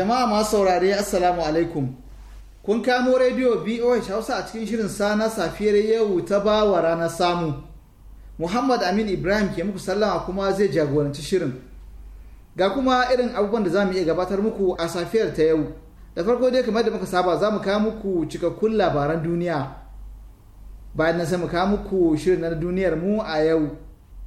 jama'a masu saurare assalamu alaikum kun kamo rediyo boh hausa a cikin shirin sa safiyar yau ta bawa ranar samu muhammad amin ibrahim ke muku sallama kuma zai jagoranci shirin ga kuma irin abubuwan da za mu iya gabatar muku a safiyar ta yau da farko dai kamar da muka saba za mu kawo muku cikakkun labaran duniya bayan nan sai mu kawo muku shirin na duniyar mu a yau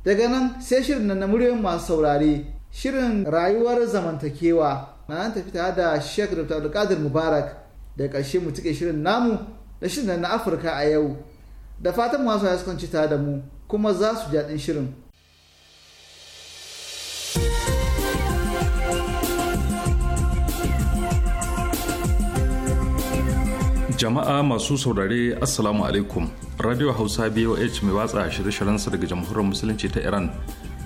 daga nan sai shirin na muryoyin masu saurare shirin rayuwar zamantakewa na tafi tare da Sheikh Dr. Abdulkadir Mubarak da ƙarshe mu cike shirin namu da shirin na Afirka a yau. Da fatan masu ya sukan tare da mu kuma za su ji daɗin shirin. Jama'a masu saurare Assalamu alaikum. Radio Hausa BOH mai watsa shirye-shiryensa daga Jamhuriyar Musulunci ta Iran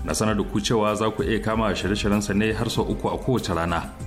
na sanar da ku cewa za ku iya kama shirye-shiryensa ne har sau uku a kowace rana.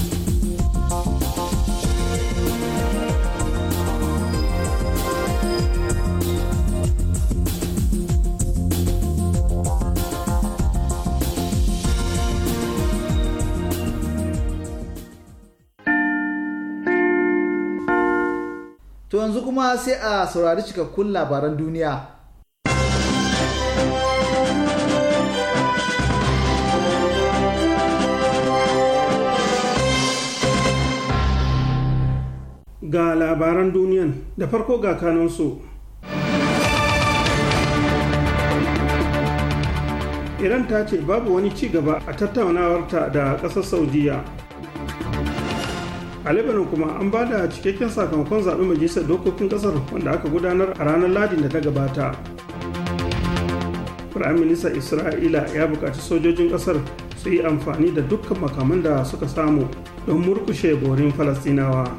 yanzu kuma sai a saurari cikakkun labaran duniya. Ga labaran duniyan da farko ga kanansu. Iran ta ce babu wani ci gaba a tattaunawarta da ƙasar Saudiya. a lebanon kuma an ba da cikakken sakamakon zaɓen majalisar dokokin ƙasar wanda aka gudanar a ranar ladin da ta gabata firayim minista isra'ila ya buƙaci sojojin ƙasar su yi amfani da dukkan makaman da suka samu don murkushe borin falastinawa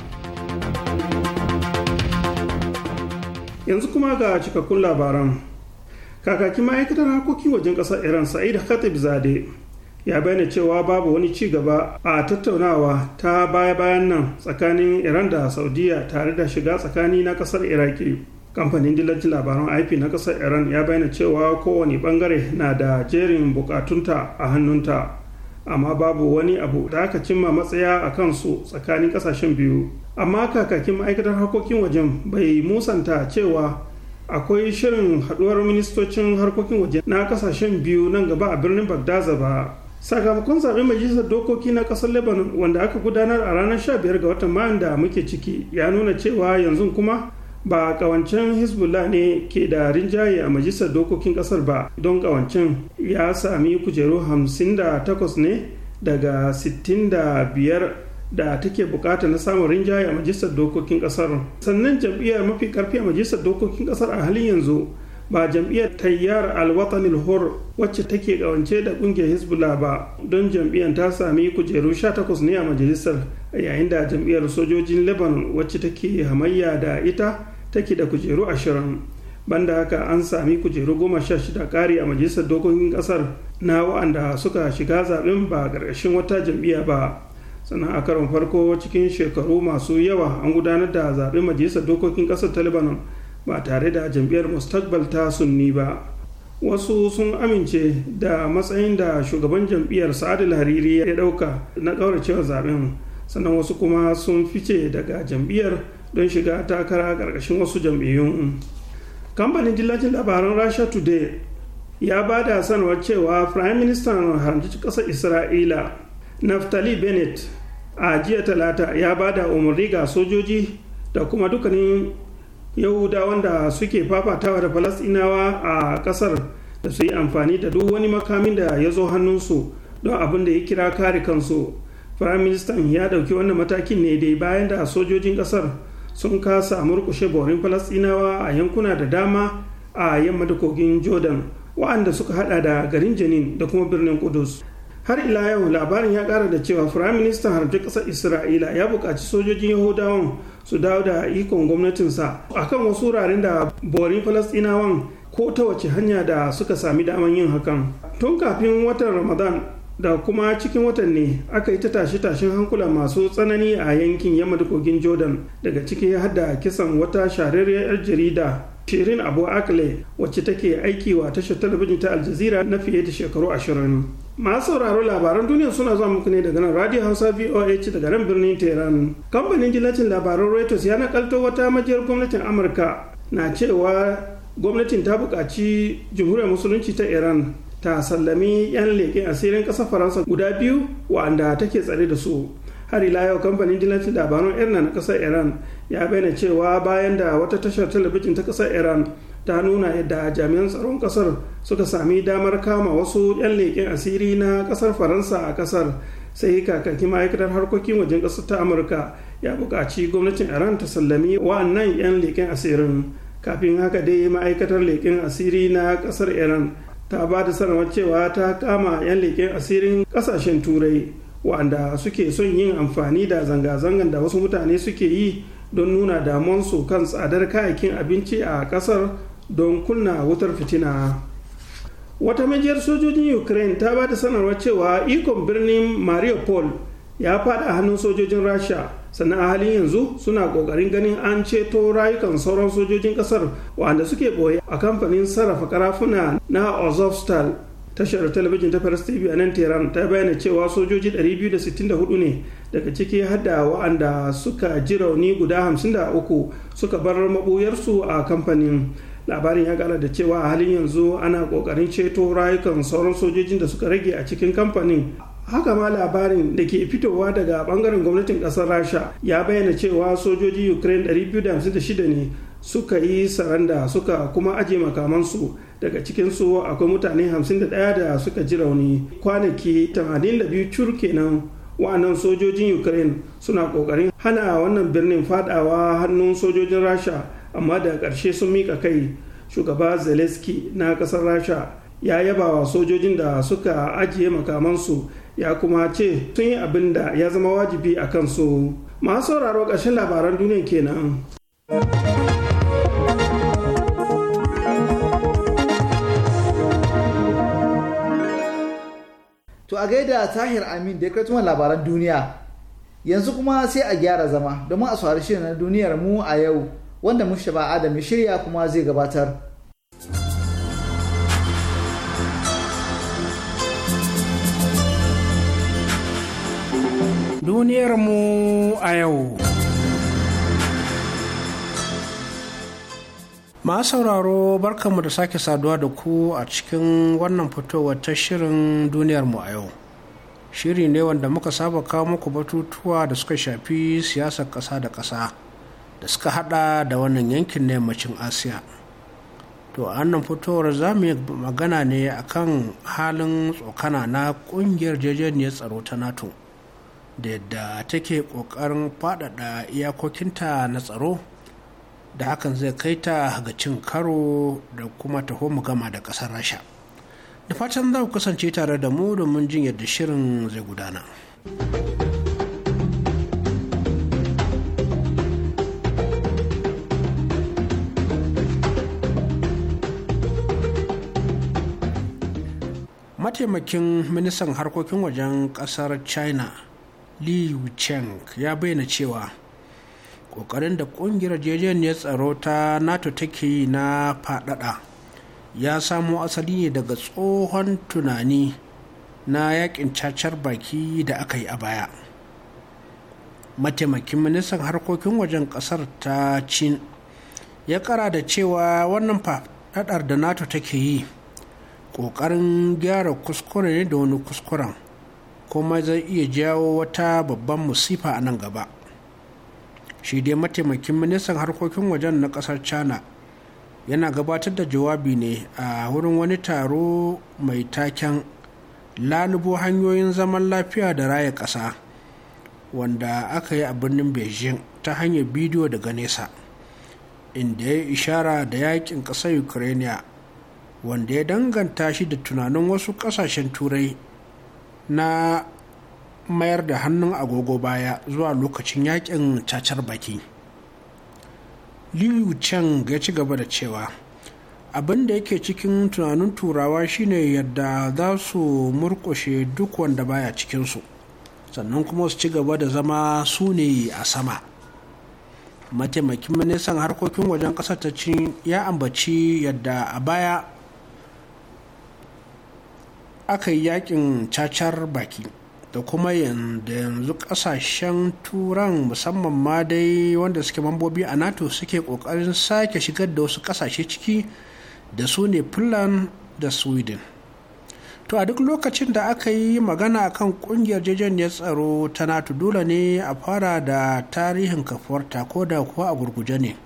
yanzu kuma ga cikakkun labaran kakakin ma'aikatar harkokin wajen ƙasar iran sa'id khatib zade ya bayyana cewa babu wani ci gaba a tattaunawa ta baya-bayan nan tsakanin iran da saudiya tare da shiga tsakani na kasar iraki kamfanin dillancin labaran ip na kasar iran ya bayyana cewa kowane bangare na da jerin bukatunta a hannunta amma babu wani abu da aka cimma matsaya a kansu tsakanin kasashen biyu amma kakakin ma'aikatar harkokin wajen bai musanta cewa akwai shirin haduwar ministocin harkokin waje na kasashen biyu nan gaba a birnin bagdaza ba sakamakon zaben majalisar dokoki na ƙasar lebanon wanda aka gudanar a ranar 15 ga watan mayan da muke ciki ya nuna cewa yanzu kuma ba ƙawancen hezbollah ne ke da rinjaye a majalisar dokokin ƙasar ba don kawancen ya sami kujeru 58 ne daga 65 da take bukata na samun rinjaye a majalisar dokokin ƙasar sannan jam'iyyar mafi karfi a majalisar dokokin ƙasar a halin yanzu ba jam'iyyar tayyar alwatanin hor wacce take kawance da kungiyar hezbollah ba don jam'iyyar ta sami kujeru 18 ne a majalisar yayin da jam'iyyar sojojin lebanon wacce take hamayya da ita take da kujeru 20 banda haka an sami kujeru 16 kari a majalisar dokokin kasar na wa'anda suka shiga zaben ba ƙarƙashin wata jam'iyya ba sannan a karon farko cikin shekaru masu yawa an gudanar da zaben majalisar dokokin kasar ta lebanon ba tare da jam'iyyar mustaqbal ta sunni ba wasu sun amince da matsayin da shugaban jam'iyyar sa'adul hariri ya ɗauka na ƙauracewa zaben sannan wasu kuma sun fice daga jam'iyyar don shiga takara ƙarƙashin wasu jam'iyyun kamfanin dillacin labaran rasha today ya ba da sanarwar cewa prime minister haramci ƙasar isra'ila naftali bennett a jiya talata ya ba da umarni ga sojoji da kuma dukkanin yahudawan da suke fafatawa da falasɗinawa a ƙasar da su yi amfani da duk wani makamin da ya zo hannunsu don abin da ya kira kare kansu firaministan ya ɗauki wannan matakin ne dai bayan da sojojin ƙasar sun kasa murkushe borin falasɗinawa a yankuna da dama a yamma da kogin jordan wa'anda suka hada da garin janin da kuma birnin kudus har ila yau labarin ya kara da cewa firaministan harbe ƙasar isra'ila ya buƙaci sojojin yahudawan su dawo da ikon gwamnatinsa akan wasu wuraren da borin falasɗinawan ko ta wace hanya da suka sami daman yin hakan tun kafin watan ramadan da kuma cikin watan ne aka yi ta tashe-tashen hankula masu tsanani a yankin yamma da kogin jordan daga ciki har da kisan wata shahararriyar jarida shirin abu akle wacce take aiki wa tashar talabijin ta aljazira na fiye da shekaru ashirin masu sauraro labaran duniya suna zuwa muku ne daga nan radio hausa voh daga nan birnin tehran kamfanin jilacin labaran reuters ya nakalto wata majiyar gwamnatin amurka na cewa gwamnatin ta buƙaci jamhuriyar musulunci ta iran ta sallami 'yan leƙen asirin ƙasar faransa guda biyu wa'anda take tsare da su har ila yau kamfanin jilacin labaran irna na ƙasar iran ya bayyana cewa bayan da wata tashar talabijin ta ƙasar iran ta nuna yadda jami'an tsaron kasar suka sami damar kama wasu 'yan leƙen asiri na kasar faransa a kasar sai kakakin ma'aikatar harkokin wajen ƙasar ta amurka ya buƙaci gwamnatin iran ta sallami wa'annan 'yan leƙen asirin kafin haka dai ma'aikatar leƙen asiri na kasar iran ta ba da sanarwar cewa ta kama 'yan leƙen asirin ƙasashen turai wa'anda suke son yin amfani da zanga-zangan da wasu mutane suke yi don nuna damuwansu kan tsadar kayayyakin abinci a ƙasar don kunna wutar fitina wata majiyar sojojin ukraine ta ba da sanarwar cewa ikon birnin mariupol ya fada hannun sojojin rasha sannan a halin yanzu suna kokarin ganin an ceto rayukan sauran sojojin kasar wanda suke boye a kamfanin sarrafa karafuna na ozovstal tashar talabijin ta Paris TV a nan Tehran ta bayyana cewa sojoji 264 ne daga ciki hada wa'anda suka ji rauni guda 53 suka bar mabuyarsu a kamfanin labarin ya kara da cewa a halin yanzu ana kokarin ceto rayukan sauran sojojin da suka rage a cikin kamfanin haka ma labarin da ke fitowa daga bangaren gwamnatin kasar rasha ya bayyana cewa sojoji ukraine 256 ne suka yi saranda suka kuma aje makamansu daga cikin su akwai mutane 51 da suka ji rauni kwanaki 82 cur kenan wa'annan sojojin ukraine suna kokarin hana wannan birnin fadawa hannun sojojin rasha amma da ƙarshe sun miƙa kai shugaba zelensky na ƙasar rasha ya yabawa sojojin da suka ajiye makamansu ya kuma ce sun yi abin da ya zama wajibi a kansu masu sauraro ƙarshen labaran duniya kenan. To a gaida Tahir Amin da ya kai labaran duniya yanzu kuma sai a gyara zama domin a shi na duniyar mu a yau. wanda Mushaba Adam Adamu, shirya kuma zai gabatar. Duniyarmu a yau. Ma sauraro barkanmu da sake saduwa da ku a cikin wannan fitowar ta shirin duniyarmu a yau. Shiri ne wanda muka saba kawo muku batutuwa da suka shafi siyasar ƙasa da ƙasa. da suka hada da wannan yankin na yammacin asiya to a wannan fitowar za mu yi magana ne akan halin tsokana na kungiyar jejeniyar tsaro ta nato da yadda take kokarin faɗaɗa iyakokinta na tsaro da hakan zai kai ta ga cin karo da kuma taho mu gama da ƙasar rasha da fatan za ku kasance tare da mu domin jin yadda shirin zai gudana. mataimakin ministan harkokin wajen kasar china yu cheng ya bayyana cewa kokarin da kungiyar jejeniyar tsaro ta nato take yi na fadada ya samo asali ne daga tsohon tunani na yakin cacar baki da aka yi a baya mataimakin ministan harkokin wajen kasar ta chin ya kara da cewa wannan fadadar da nato take yi ƙoƙarin gyara kuskure ne da wani kuskuren kuma zai iya jawo wata babban musifa a nan gaba shi dai mataimakin ministan harkokin wajen na ƙasar china yana gabatar da jawabi ne a wurin wani taro mai taken lalubo hanyoyin zaman lafiya da raya ƙasa wanda aka yi a birnin beijing ta hanyar bidiyo daga nesa inda ya yi ishara da yakin ƙasar ukraine wanda ya danganta shi da tunanin wasu ƙasashen turai na mayar da hannun agogo baya zuwa lokacin yakin cacar baki liu cheng ya ci gaba da cewa abin da yake cikin tunanin turawa shine yadda za su murkushe duk wanda baya cikinsu sannan kuma su ci gaba da zama su ne a sama mataimakin manisan harkokin wajen ƙasar ta ya ambaci yadda a baya aka yi yakin cacar baki da kuma yanzu kasashen turan musamman ma dai wanda suke mambobi a nato suke kokarin sake shigar da wasu kasashe ciki da su ne finland da sweden to a duk lokacin da aka yi magana a kan kungiyar ya tsaro ta nato dole ne a fara da tarihin kafuwarta ko da kuwa a gurguje ne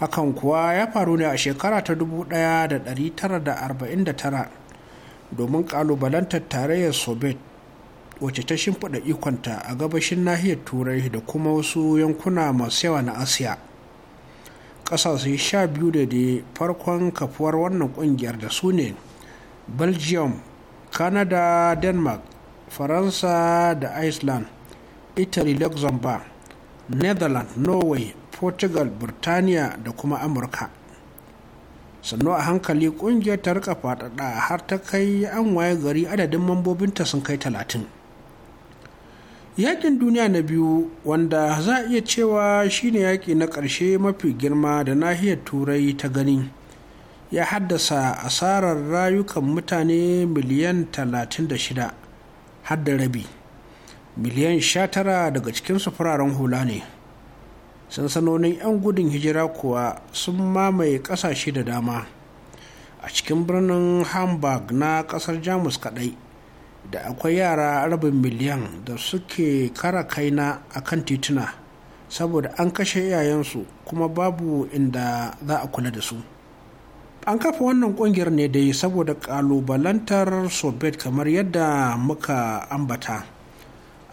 hakan kuwa ya faru ne a shekara ta 1949 domin ƙalubalantar tarayyar soviet wacce ta shimfiɗa ikonta a gabashin nahiyar turai da kuma wasu yankuna masu yawa na asiya ƙasashe sha biyu da da farkon kafuwar wannan ƙungiyar da su ne belgium canada denmark faransa da iceland italy luxembourg netherlands norway portugal burtaniya da kuma amurka sannu a hankali kungiyar ta rika faɗaɗa har ta kai an waye gari adadin mambobinta sun kai talatin yakin duniya na biyu wanda za a iya cewa shine yaƙi na ƙarshe mafi girma da nahiyar turai ta gani ya haddasa asarar rayukan mutane miliyan 36 har da rabi miliyan 19 daga cikin fararen hula ne sansanonin 'yan gudun hijira kuwa sun mamaye ƙasashe da dama a cikin birnin hamburg na ƙasar jamus kaɗai da akwai yara rabin miliyan da suke kara kaina a kan tituna saboda an kashe iyayensu kuma babu inda za a kula da su an kafa wannan kungiyar ne dai saboda kalubalantar soviet kamar yadda muka ambata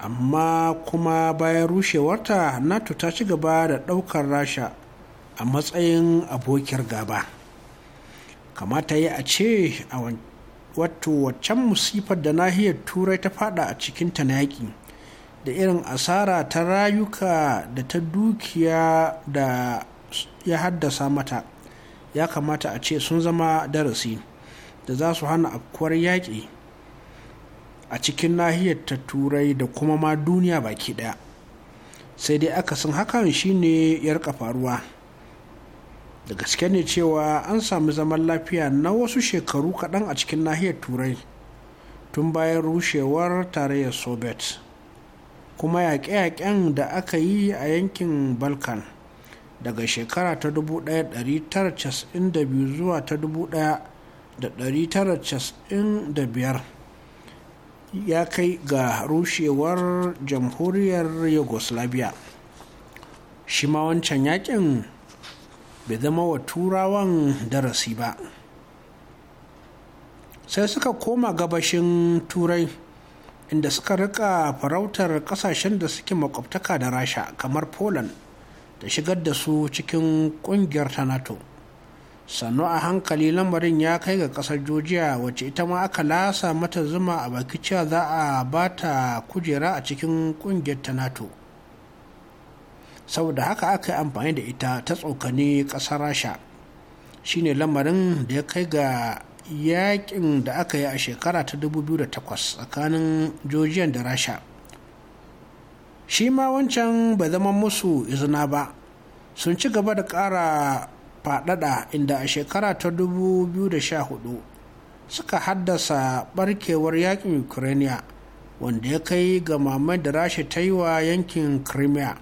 amma kuma bayan rushewarta nato ta ci gaba da ɗaukar rasha a matsayin abokiyar gaba kamata yi a ce a wato waccan musifar da nahiyar turai ta fada a cikinta na yaƙi da irin asara ta rayuka da ta dukiya da ya haddasa mata ya kamata a ce sun zama darasi da za su hana afkuwar yaƙi a cikin nahiyar ta turai da kuma ma duniya baki daya sai dai aka san hakan shine yar faruwa da gaske ne cewa an sami zaman lafiya na wasu shekaru kaɗan a cikin nahiyar turai tun bayan rushewar tarayyar soviet kuma yaƙe-yaƙen da aka yi a yankin balkan daga shekara ta 1992 zuwa ta 1995 ya kai ga rushewar jamhuriyar yugoslavia shi ma wancan yakin bai zama wa turawan darasi ba sai suka koma gabashin turai inda suka rika farautar kasashen da suke makwabtaka da rasha kamar poland da shigar da su cikin kungiyar ta nato sannu a hankali lamarin ya kai ga kasar georgia wacce ita ma aka lasa mata zuma a baki cewa za a ba ta kujera a cikin kungiyar ta nato saboda haka aka yi amfani da ita ta tsokani kasar rasha shine lamarin da ya kai ga yakin da aka yi a shekara ta 2008 tsakanin georgia da rasha shi ma wancan bai zama musu izina ba sun ci gaba da ƙara faɗaɗa inda a shekara ta 2014 suka haddasa barkewar yakin ukraine wanda ya kai ga mamai da rasha ta yi wa yankin crimea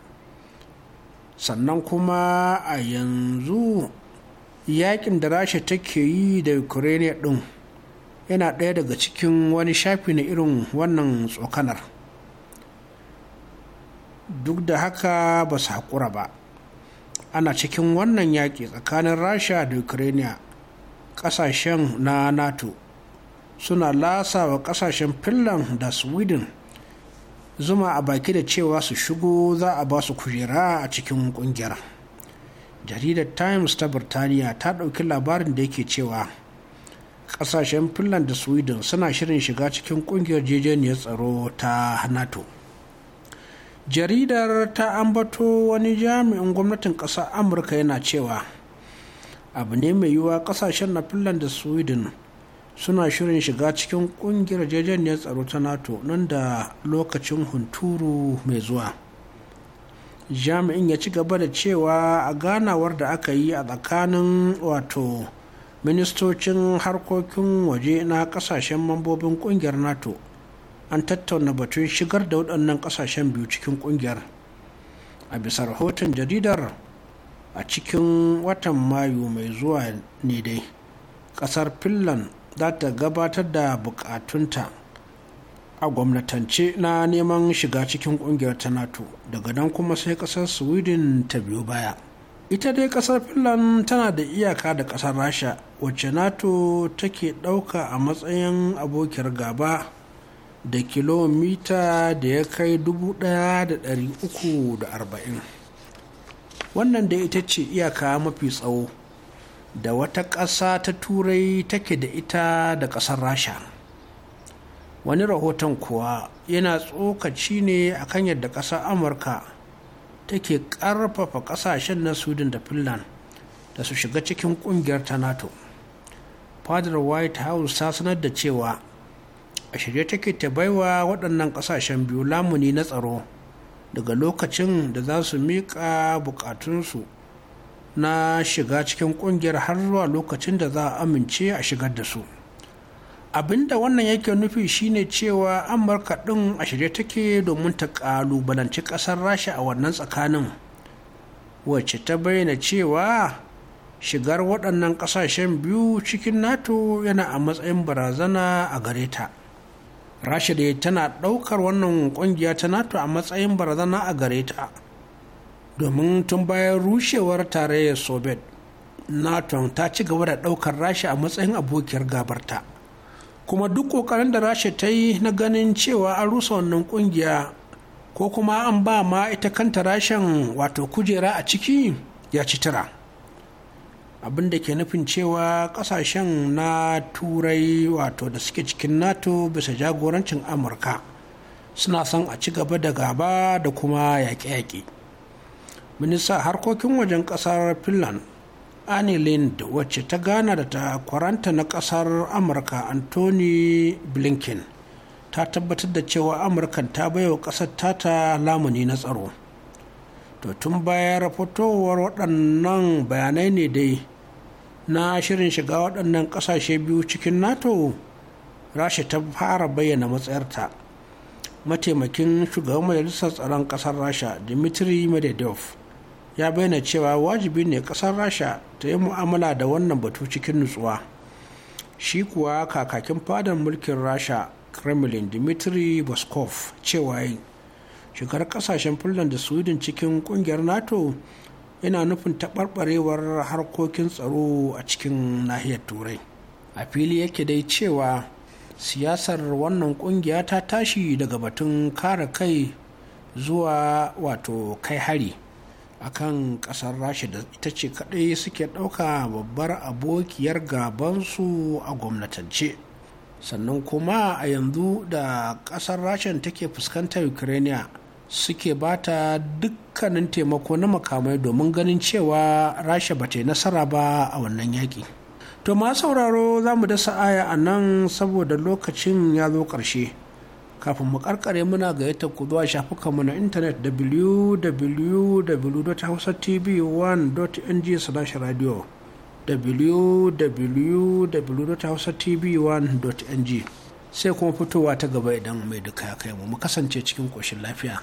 sannan kuma a yanzu yakin da rasha take yi da ukraine ɗin yana ɗaya daga cikin wani shafi na irin wannan tsokanar duk da haka ba su haƙura ba ana cikin wannan yaƙi tsakanin rasha da ukraine ƙasashen na nato suna lasa wa ƙasashen finland da sweden zuma a baki da cewa su shigo za a ba su kujera a cikin ƙungiyar jaridar times ta birtaniya ta ɗauki labarin da yake cewa ƙasashen finland da sweden suna shirin shiga cikin ƙungiyar jejeniyar tsaro ta nato jaridar ta ambato wani jami'in gwamnatin ƙasar amurka yana cewa abu ne mai yiwuwa ƙasashen na finland da sweden suna shirin shiga cikin ƙungiyar jejeniyar tsaro ta nato nan da lokacin hunturu mai zuwa jami'in ya ci gaba da cewa a ganawar da aka yi a tsakanin wato ministocin harkokin waje na kasashen mambobin kungiyar nato an tattauna batun shigar da waɗannan ƙasashen biyu cikin ƙungiyar a bisa rahoton jaridar a cikin watan mayu mai zuwa ne dai ƙasar finland za ta gabatar da buƙatunta a gwamnatance na neman shiga cikin ƙungiyar ta nato daga nan kuma sai ƙasar sweden ta biyo baya ita dai ƙasar finland tana da iyaka da ƙasar rasha wacce nato take ɗauka a matsayin abokiyar gaba da kilomita da ya kai 1,340 wannan da ita ce iyaka mafi tsawo da wata ƙasa ta turai take da ita da ƙasar rasha wani rahoton kuwa yana tsokaci ne akan yadda ƙasar amurka take ƙarfafa ƙasashen na sweden da finland da su shiga cikin ƙungiyar ta nato fadar white house ta sanar da cewa a shirye take ta baiwa waɗannan ƙasashen biyu lamuni na tsaro daga lokacin da za su miƙa buƙatunsu na shiga cikin ƙungiyar har zuwa lokacin da za a amince a shigar da su abinda wannan yake nufi shine cewa amurka ɗin a shirye take domin ta ƙalubalanci ƙasar rasha a wannan tsakanin wacce ta bayyana cewa shigar waɗannan ƙasashen biyu cikin nato yana a matsayin barazana a gare ta rasha da tana ɗaukar wannan ƙungiya ta nato a matsayin barazana a gare ta domin tun bayan rushewar tarayyar soviet nato ta ci gaba da ɗaukar rasha a matsayin abokiyar gabarta kuma duk ƙoƙarin da rasha ta yi na ganin cewa an rusa wannan ƙungiya ko kuma an ba ma ita kanta rashin wato kujera a ciki ya ci tira. abin da ke nufin cewa kasashen na turai wato da suke cikin nato bisa jagorancin amurka suna son a ci gaba da gaba da kuma yaƙe-yaƙe minista harkokin wajen ƙasar finland annie lind wacce ta gana da takwaranta na ƙasar amurka anthony blinken ta tabbatar da cewa amurkan ta baiwa ƙasar tata lamuni na tsaro to tun bayan rafatowar waɗannan bayanai ne dai na shirin shiga waɗannan ƙasashe biyu cikin nato rasha ta fara bayyana matsayarta mataimakin shugaban majalisar tsaron ƙasar rasha dimitri medvedev ya bayyana cewa wajibi ne ƙasar rasha ta yi mu'amala da wannan batu cikin nutsuwa shi kuwa kakakin fadar mulkin rasha kremlin dimitri boskov cewa shigar kasashen finland da sweden cikin ƙungiyar nato yana nufin taɓarɓarewar harkokin tsaro a cikin nahiyar turai a fili yake dai cewa siyasar wannan ƙungiya ta tashi daga batun kare kai zuwa wato kai hari akan ƙasar rasha da ita ce kaɗai suke ɗauka babbar abokiyar gabansu a gwamnatance sannan kuma a yanzu da kasar rasha take fuskantar ukraine suke ta dukkanin taimako na makamai domin ganin cewa rasha ba ta yi nasara ba a wannan yaƙi to ma sauraro za mu dasa aya a nan saboda lokacin ya zo ƙarshe kafin mu karkare muna ga yadda ku zuwa mu na intanet www.hausatv1.ng/radio www.hausatv1.ng sai kuma fitowa ta gaba idan mai duka ya kai mu mu kasance cikin koshin lafiya.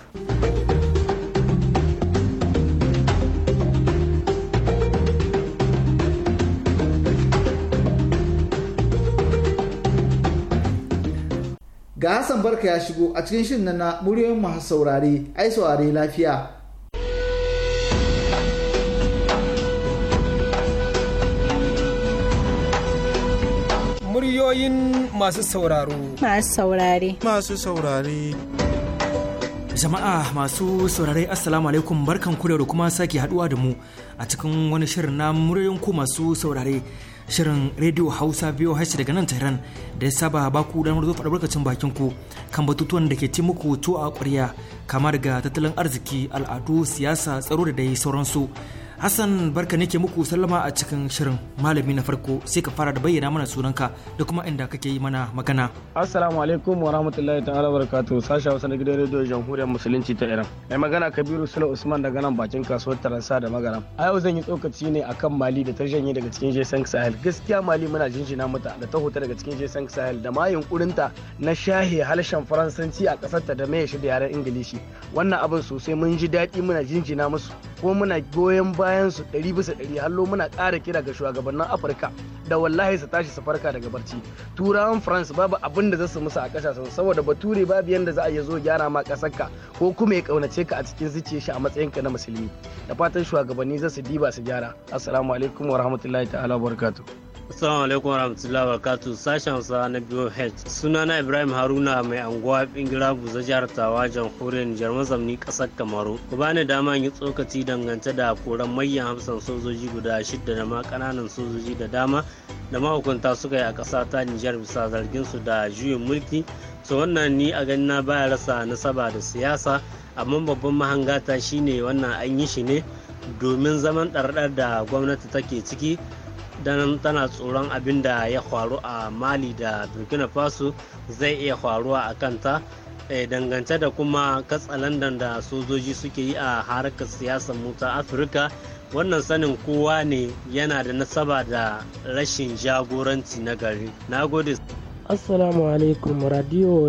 ga Hassan Barka ya shigo a cikin shirin na muryoyin masu saurare ai saurare lafiya Muryoyin masu sauraro. Masu saurare. Masu saurare. Jama'a masu saurare Assalamu alaikum barkan ku da kuma sake haduwa da mu a cikin wani shirin na muryoyin ku masu saurare shirin Radio Hausa biyo hashi daga nan Tehran da ya saba baku ku damar albarkacin bakin ku kan batutuwan da ke ci muku to a ƙwarya kama daga tattalin arziki, al'adu, siyasa, tsaro da dai sauransu. Hassan barka nake muku sallama a cikin shirin malami na farko sai ka fara da bayyana mana sunanka da kuma inda kake yi mana magana. Assalamu alaikum wa rahmatullahi ta'ala barakatu sashi Hausa na gidan rediyo Jamhuriyar Musulunci ta Iran. Mai magana Kabiru Sula Usman daga nan bakin kasuwar Taransa da Magaram. A yau zan yi tsokaci ne a kan Mali da ta janye daga cikin Jason Sahel. Gaskiya Mali muna jinjina mata da ta huta daga cikin Jason Sahel da ma yunkurinta na shahe harshen Faransanci a kasarta da mai shi da yaren Ingilishi. Wannan abin sosai mun ji daɗi muna jinjina musu ko muna goyon ba bayan su ɗari bisa ɗari hallo muna ƙara kira ga shugabannin afirka da wallahi su tashi su farka daga barci turawan france babu abin da za su musu a ƙasashen saboda bature babu yadda za a iya zo gyara ma ka ko kuma ya ƙaunace ka a cikin zuciya shi a matsayinka na musulmi da fatan shugabanni za su diba su gyara assalamu alaikum wa rahmatullahi ta'ala wa barakatuh Assalamu alaikum warahmatullahi wabarakatuh sashen sa na Suna na Ibrahim Haruna mai anguwa bingira buza jihar Tawa jamhuriyar Nijar mazamni kasar Kamaru ku bani dama yi tsokaci dangance da koran manyan hamsin sojoji guda shida da ma kananan sojoji da dama da mahukunta suka yi a ƙasa ta Nijar bisa zargin su da juyin mulki so wannan ni a ganina baya rasa nasaba da siyasa amma babban mahangata shine wannan an yi shi ne domin zaman ɗarɗar da gwamnati take ciki dan tana tsoron abin da ya faru a mali da burkina faso zai iya faruwa a kanta eh, dangance da kuma katsalandan da sojoji suke yi a harkar siyasar muta afirka wannan sanin kowa ne yana da nasaba da rashin jagoranci na gari na gode Assalamu alaikum radio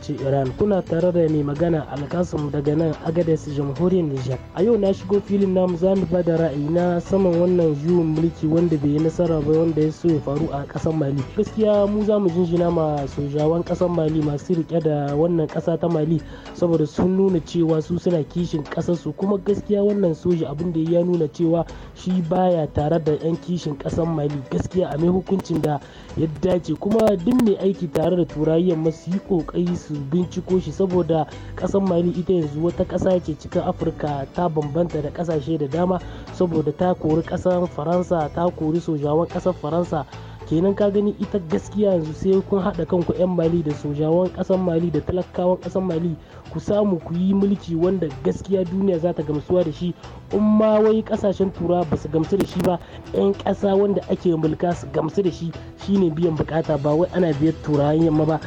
ce Iran kuna tare da mai magana Alkasum daga nan Agadez Jamhuriyar Nijar. A yau na shigo filin namu ba da ra'ayi na saman wannan juyin mulki wanda bai yi nasara ba wanda ya so ya faru a ƙasar Mali. Gaskiya mu za mu jinjina ma sojawan ƙasar Mali masu rike da wannan ƙasa ta Mali saboda sun nuna cewa su suna kishin ƙasar su kuma gaskiya wannan soja abin da ya nuna cewa shi baya tare da 'yan kishin ƙasar Mali gaskiya a mai hukuncin da ya dace kuma duk mai aiki tare da turai masu yi kokari su binciko shi saboda kasan mali ita yanzu wata kasa ce cikin afirka ta bambanta da kasashe da dama saboda ta kori kasar faransa ta kori sojawan kasar faransa kenan ka gani ita gaskiya yanzu sai kun haɗa kanku 'yan mali da sojawan kasan mali da talakawan ƙasar mali ku samu ku yi mulki wanda gaskiya duniya za ta gamsuwa da shi in ma wai kasashen tura ba su gamsu da shi ba 'yan kasa wanda ake mulka su gamsu da shi shine biyan bukata ba wai ana biyar turawan yamma ba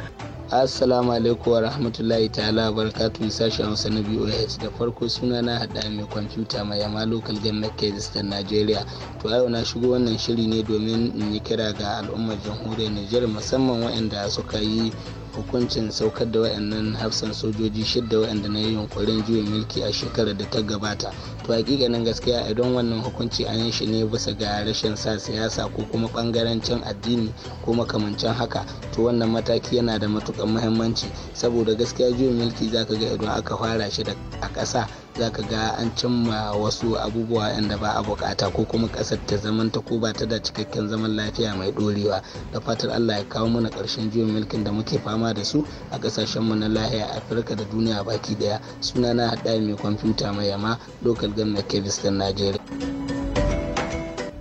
assalamu alaikum wa rahmatullahi ta'ala barakatun sashen hausa na boh da farko suna na hada mai kwamfuta mai yama local government kyrgyzstan nigeria to yau na shigo wannan shiri ne domin in yi kira ga al'ummar jamhuriyar niger musamman waɗanda suka yi hukuncin saukar da wayannan hafsan sojoji shidda wayanda na yi yunkurin juyin mulki a shekarar da ta gabata to hakikanin gaskiya idan wannan hukunci an yi shi ne bisa ga rashin sa siyasa ko kuma bangarancin addini ko makamancin haka to wannan mataki yana da matukar muhimmanci saboda gaskiya juyin mulki zaka ga idan aka fara shi a ƙasa za ka ga an cimma wasu abubuwa yadda ba a bukata ko kuma kasar ta zamanta ko ba ta da cikakken zaman lafiya mai dorewa da fatar allah ya kawo mana karshen juyin mulkin da muke fama da su a mu na lahiya afirka da duniya baki daya suna na haɗa mai kwamfuta mai yama lokal government kebis najeriya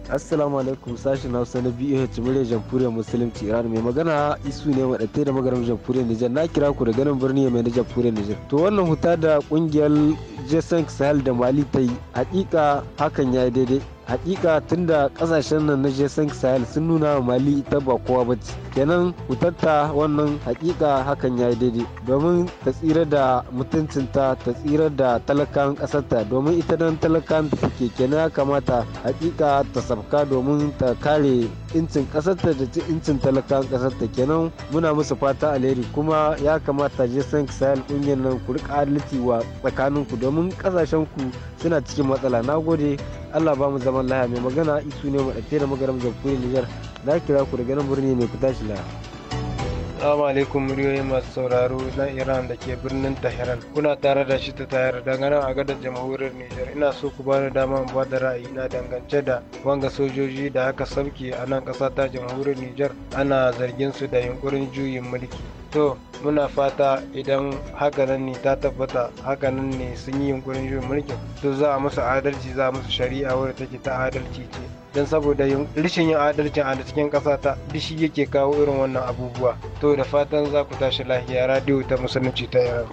assalamu alaikum sashen hausa na biyu murya jamhuriyar musulunci iran mai magana isu ne maɗatai da magaram jamhuriyar nijar na kira ku da ganin birni mai na jamhuriyar nijar to wannan huta da kungiyar jason sahel da mali ta yi hakika hakan ya yi daidai hakika tunda kasashen nan na jason sahel sun nuna wa mali ita ba kowa ba ce kenan hutatta wannan hakika hakan ya yi daidai domin ta tsira da mutuncinta ta tsira da talakan kasarta domin ita nan talakan ta suke kenan ya kamata hakika ta sabka domin ta kare incin kasarta da incin talakan kasarta kenan muna musu fata alheri kuma ya kamata jason sahel kungiyar nan ku rika adalci wa tsakaninku domin kasashen ku suna cikin matsala na gode allah ba mu zaman lahiya mai magana isu ne mu ɗafe da magaram jamhuriyar nijar na kira ku daga nan birni mai fita shi la. Assalamu alaikum muryoyi masu sauraro na Iran da ke birnin Tehran. Kuna tare da shi ta tayar dangane a gadar jamhuriyar Nijar. Ina so ku bani dama ba bada ra'ayi na dangance da wanga sojoji da aka sauke a nan ƙasa ta jamhuriyar Nijar ana zargin su da yunkurin juyin mulki. to muna fata idan hakanan ne ta tabbata hakanan ne sun yi yunkurin juyin mulkin to za a musu adalci za a musu shari'a wadda take ta adalci ce don saboda rashin yin adalcin a cikin ƙasa ta shi yake kawo irin wannan abubuwa to da fatan za ku tashi lahiya radiyo ta musulunci ta yaro.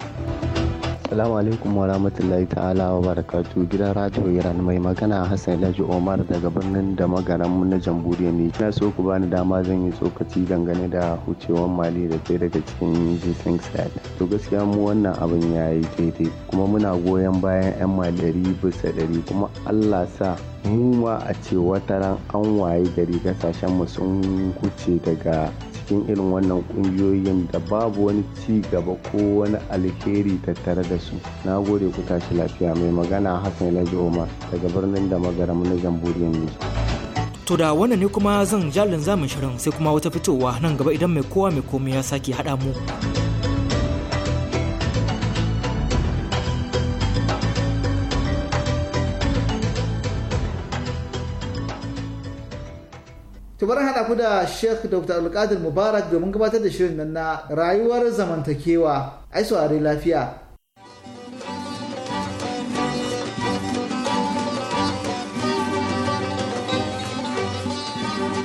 Assalamu alaikum wa rahmatullahi ta'ala wa barakatu gidan radio Iran mai magana Hassan Laji Omar daga birnin da magaran na jamhuriyar ne. Ina so ku bani dama zan yi tsokaci dangane da hucewar Mali da ɗaya daga cikin g sad To gaskiya mu wannan abin ya yi daidai kuma muna goyon bayan 'yan Mali ɗari bisa ɗari kuma Allah sa mu ma a ce wataran an waye gari kasashen mu sun wuce daga cikin irin wannan kungiyoyin da babu wani ci gaba ko wani alheri tattare da su na gode ku tashi lafiya mai magana hassan laji omar daga birnin da magaram na jamhuriyar nijar To da wannan ne kuma zan jalin zamin shirin sai kuma wata fitowa nan gaba idan mai kowa mai komai ya sake haɗa mu. to bari hana ku da Sheikh Dr. Alkadir Mubarak domin gabatar da shirin nan na rayuwar zamantakewa ai saurari lafiya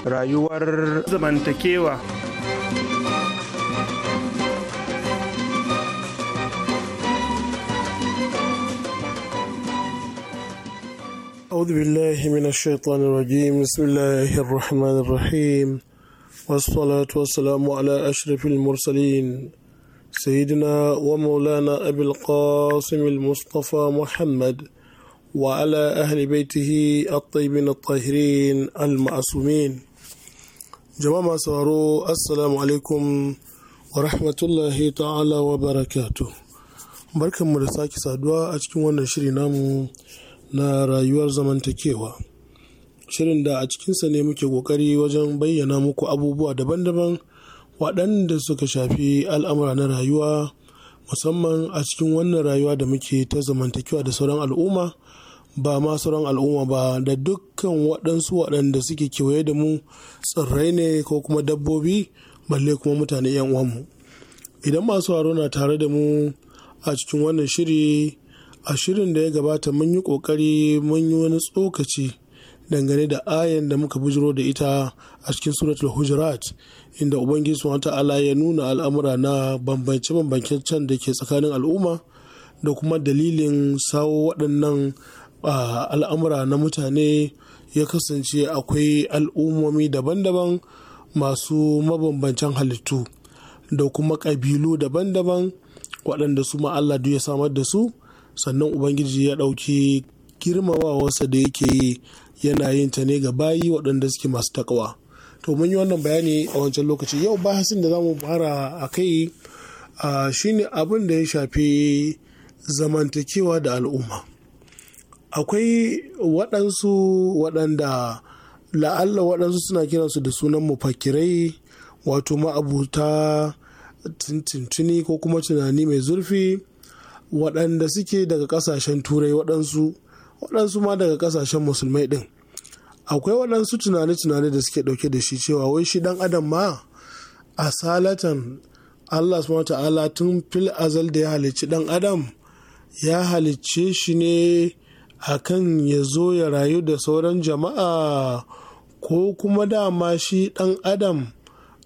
rayuwar zamantakewa أعوذ بالله من الشيطان الرجيم بسم الله الرحمن الرحيم والصلاة والسلام على أشرف المرسلين سيدنا ومولانا أبي القاسم المصطفى محمد وعلى أهل بيته الطيبين الطاهرين المعصومين جماعة سوارو السلام عليكم ورحمة الله تعالى وبركاته بركة مرساكي سادوا أشكي وانا شرينامو na rayuwar zamantakewa shirin da a cikinsa ne muke kokari wajen bayyana muku abubuwa daban-daban waɗanda suka shafi al'amura na rayuwa musamman a cikin wannan rayuwa da muke ta zamantakewa da sauran al'umma ba ma sauran al'umma ba da dukkan waɗansu waɗanda suke kewaye da mu tsirrai ne ko kuma dabbobi balle kuma mutane 'yan uwanmu idan masu haro na tare da mu a cikin wannan shiri a shirin da ya gabata mun yi kokari mun yi wani tsokaci dangane da ayan da muka bujiro da ita a cikin suratul hujurat inda ubangiji subhanahu ta'ala ya nuna al'amura na bambance bambancen da ke tsakanin al'umma da kuma dalilin sawo waɗannan al'amura na mutane ya kasance akwai al'ummomi daban-daban masu mabambancen halittu da kuma ƙabilu daban-daban waɗanda su ma Allah duk ya samar da su sannan ubangiji ya ɗauki girmamawarsa da yake yi yana yin ta ne ga bayi waɗanda suke masu takawa to mun yi wannan bayani a wancan lokaci yau bahasin da zamu fara a kai shine abin da ya shafi zamantakewa da al'umma akwai waɗansu waɗanda la'alla waɗansu suna kiransu da sunan mufakirai wato ma'abuta tuntuntuni ko kuma tunani mai zurfi waɗanda suke daga ƙasashen turai waɗansu waɗansu ma daga ƙasashen musulmai ɗin akwai waɗansu tunane-tunane da suke ɗauke da shi cewa wai shi ɗan adam ma a salatan allah subhanahu ta'ala tun fil azal da ya halicci ɗan adam ya halicce shi ne akan ya zo ya rayu da sauran jama'a ko kuma dama shi ɗan adam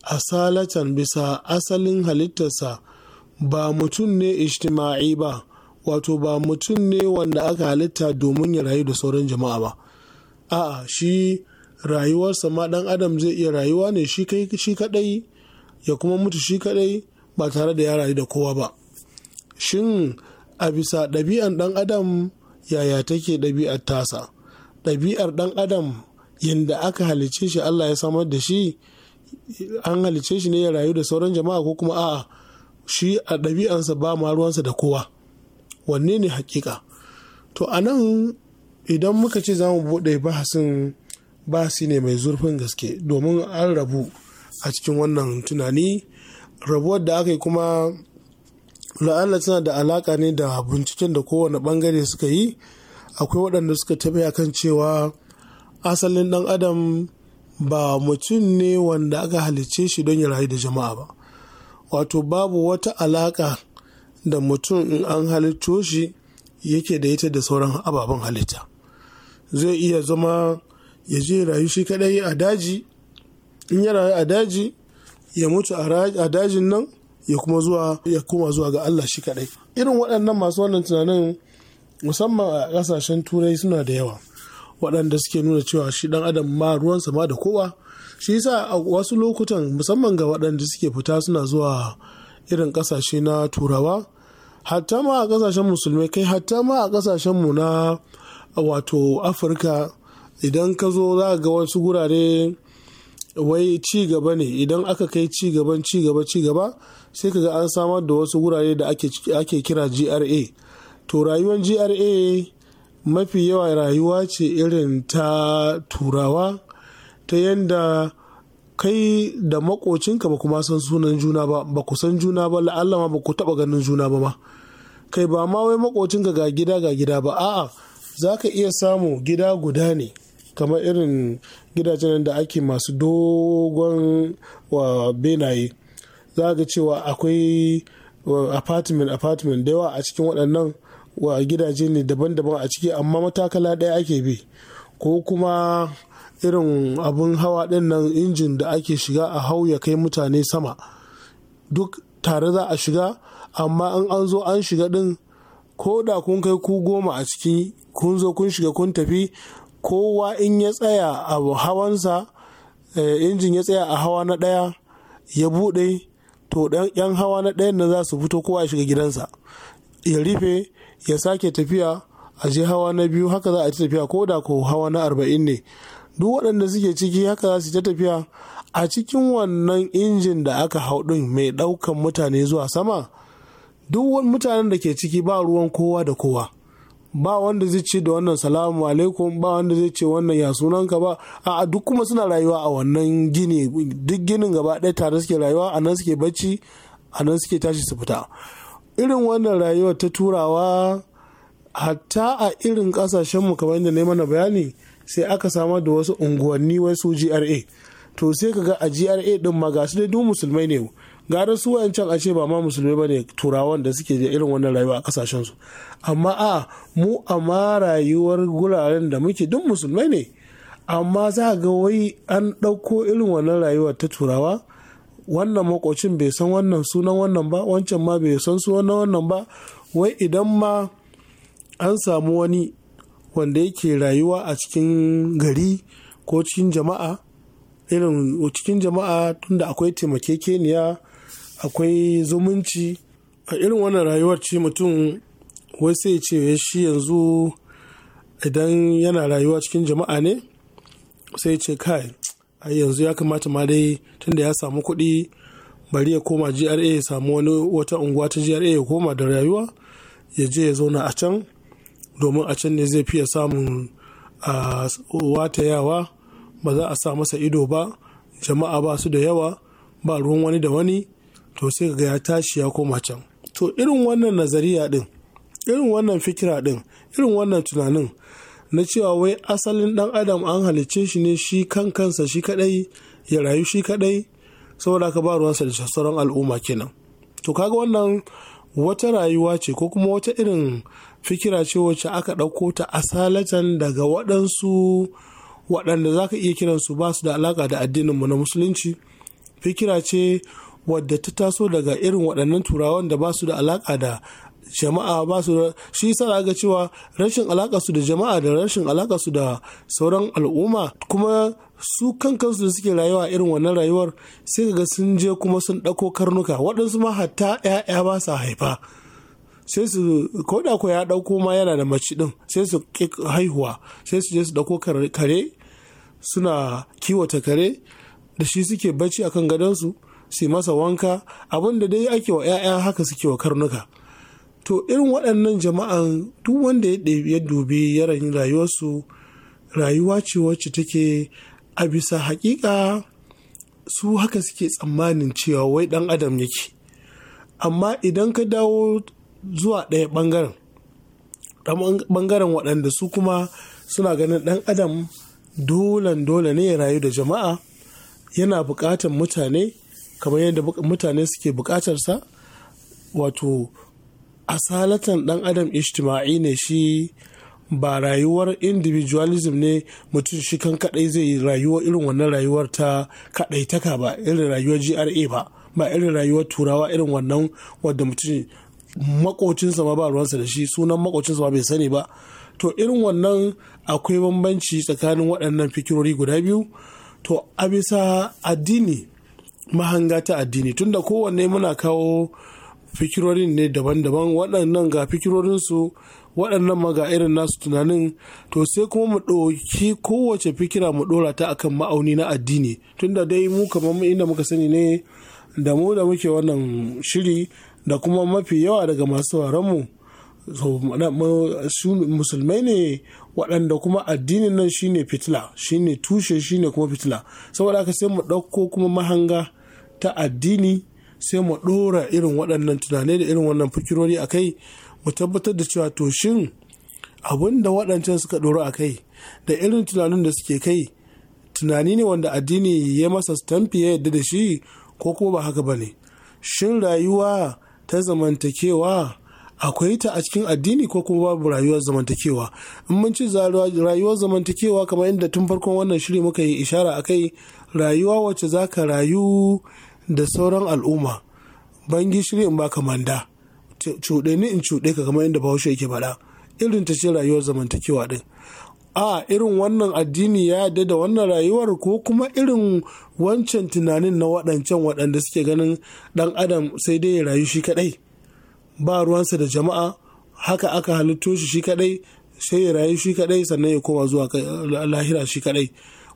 a salatan bisa asalin halittarsa ba mutum ne ijtima'i ba wato ba mutum ne wanda aka halitta domin ya rayu da sauran jama'a ba a'a shi rayuwarsa ma dan adam zai iya rayuwa ne shi kai shi kadai ya kuma mutu shi kadai ba tare da ya rayu da kowa ba shin a bisa ɗabi'an dan adam yaya take ɗabi'ar tasa ɗabi'ar dan adam yadda aka halice shi Allah ya samar da shi an halice shi ne ya rayu da sauran jama'a ko kuma a'a shi a ɗabi'ansa ba ma ruwansa da kowa wanne ne hakika to a nan idan muka ce za mu buɗe bahasin bahasi ne mai zurfin gaske domin an rabu a cikin wannan tunani rabuwar da aka yi kuma la'alla tana da alaka ne da binciken da kowane bangare suka yi akwai waɗanda suka tafi kan cewa asalin ɗan adam ba mutum ne wanda aka halicce shi don ya rayu da jama'a ba wato babu wata alaƙa da mutum in an halitto shi yake da ita da sauran ababen halitta zai iya zama ya je rayu shi kadai a daji in ya rayu a daji ya mutu a dajin nan ya kuma zuwa ya kuma zuwa ga Allah shi kadai irin waɗannan masu wannan tunanin musamman a ƙasashen turai suna da yawa waɗanda suke nuna cewa shi ɗan adam ma ruwan sama da kowa shi yasa a wasu lokutan musamman ga waɗanda suke fita suna zuwa irin ƙasashe na turawa hatta ma a ƙasashen musulmai kai hatta ma a ƙasashen mu na wato afirka idan ka zo za ga wasu gurare wai ci gaba ne idan aka kai ci gaban ci gaba ci gaba sai ka ga an samar da wasu gurare da ake kira gra to rayuwar gra mafi yawa rayuwa ce irin ta turawa ta yadda kai da makocinka ba kuma san sunan juna ba ba ku san juna ba la'alla ma ba ku taba ganin juna ba ma kai ba ma wai makocinka ga gida ga gida ba a'a za ka iya samu gida guda ne kamar irin gidajen da ake masu dogon wa benaye za ga cewa akwai apartment apartment da yawa a cikin waɗannan wa gidaje ne daban-daban a ciki amma matakala ɗaya ake bi ko kuma irin abun hawa ɗin nan injin da ake shiga a hau ya kai mutane sama duk tare za a shiga amma in an zo an shiga ɗin ko da kun kai ku goma a ciki kun zo kun shiga kun tafi kowa in ya tsaya a hawansa eh, injin ya tsaya a hawa na ɗaya ya buɗe to yan hawa na ɗayan na za su fito kowa ya shiga gidansa ya rufe ya sake tafiya a je hawa na biyu haka za a ci tafiya ko da ko hawa na arba'in ne duk waɗanda suke ciki haka za su ta tafiya a cikin wannan injin da aka hau ɗin mai ɗaukan mutane zuwa sama duk mutanen da ke ciki ba ruwan kowa da kowa ba wanda zai ce da wannan salamu alaikum ba wanda zai ce wannan ya sunanka ba a duk kuma suna rayuwa a wannan gini duk ginin gaba ɗaya tare suke rayuwa a nan suke bacci a nan suke tashi su fita irin wannan rayuwa ta turawa hatta a irin kasashenmu kamar yadda na mana bayani sai aka samar da wasu unguwanni wasu GRA to sai ka ga a GRA din ma ga su dai duk musulmai ne gara su wayancan a ce ba ma musulmai bane turawan da suke da irin wannan rayuwa a kasashen su amma a mu amma rayuwar guraren da muke duk musulmai ne amma za ga wai an ɗauko irin wannan rayuwar ta turawa wannan makocin bai san wannan sunan wannan ba wancan ma bai san sunan wannan ba wai idan ma an samu wani wanda yake rayuwa a cikin gari ko cikin jama'a irin cikin jama'a tunda akwai taimakekeniya akwai zumunci a irin wannan rayuwar ce mutum wai sai ce shi yanzu idan yana rayuwa cikin jama'a ne sai ce kai a yanzu ya kamata ma dai tunda ya samu kuɗi bari ya koma gra ya samu wani wata unguwa ta gra ya koma da rayuwa ya je ya zauna a can domin a can ne zai fiye samun watayawa ba za a sa masa ido ba jama'a ba su da yawa ba ruwan wani da wani to sai ga ya tashi ya koma can to irin wannan nazariya din irin wannan fikira din irin wannan tunanin na cewa wai asalin dan adam an halicce shi ne shi kan kansa shi kadai ya rayu shi kadai saboda ka ba ruwansa da sauran al'umma kenan to kaga wannan wata rayuwa ce ko kuma wata irin fikira ce wacce aka ɗauko ta asalatan daga waɗansu waɗanda za ka iya kiransu ba su da alaƙa da addininmu na musulunci fikira ce wadda ta taso daga irin waɗannan turawan da ba su da alaƙa da jama'a ba su da shi sa ga cewa rashin alaƙa su da jama'a da rashin alaƙa su da sauran al'umma kuma su kan kansu da suke rayuwa irin wannan rayuwar sai ga sun je kuma sun ɗauko karnuka waɗansu ma hatta 'ya'ya ba sa haifa sai su ko da ko ya dauko ma yana da mace din sai su haihuwa sai su je su dauko kare suna kiwata kare da shi suke bacci akan gadonsu su masa wanka abin da dai ake wa 'ya'ya haka suke wa karnuka to irin waɗannan jama'an duk wanda ya dubi yaran rayuwarsu rayuwa ce wacce take a bisa haƙiƙa su haka suke tsammanin cewa wai ɗan adam yake amma idan ka dawo zuwa ɗaya ɓangaren ɓangaren waɗanda su kuma suna ganin ɗan adam dolan dole ne ya rayu da jama'a yana buƙatar mutane kamar yadda mutane suke buƙatarsa wato asalatan ɗan adam ishtima'i ne shi ba rayuwar individualism ne mutum shi kan kaɗai zai yi rayuwa irin wannan rayuwar ta kaɗaitaka ba irin rayuwar gra ba ba irin rayuwar turawa irin wannan wadda mutum makocinsa ma ba ruwansa da shi sunan makocinsa ma bai sani ba to irin wannan akwai bambanci tsakanin waɗannan fikirori guda biyu to a bisa addini mahanga ta addini tunda kowanne muna kawo fikirorin ne daban-daban waɗannan ga fikirorinsu waɗannan ma ga irin nasu tunanin to sai kuma mu ɗauki kowace fikira mu ɗora ta akan ma'auni na addini tunda dai mu kamar inda muka sani ne da mu da muke wannan shiri da kuma mafi yawa daga masu mu musulmai ne waɗanda kuma addinin nan shine fitila shine tushe shine kuma fitila saboda haka sai mu ɗauko kuma mahanga ta addini sai mu ɗora irin waɗannan tunanai da irin wannan fikirori a kai mu tabbatar da cewa to shin abin da waɗancan suka ɗora a kai da irin tunanin da suke kai tunani ne wanda addini ya masa tamfi ya yadda da shi ko kuma ba haka ba ne shin rayuwa ta zamantakewa akwai ta a cikin addini ko kuma babu rayuwar zamantakewa in mun ci rayuwar zamantakewa kamar inda tun farkon wannan shiri muka yi ishara akai rayuwa wacce za ka rayu da sauran al'umma ban gishiri in baka manda cuɗe ni in cuɗe ka kamar inda bahaushe yake faɗa irin ta ce rayuwar zamantakewa din a irin wannan addini ya yarda da wannan rayuwar ko kuma irin wancan tunanin na waɗancan waɗanda suke ganin ɗan adam sai dai ya rayu shi kaɗai ba ruwansa da jama'a haka aka halitto shi shi kaɗai sai ya rayu shi kaɗai sannan ya koma zuwa lahira shi kaɗai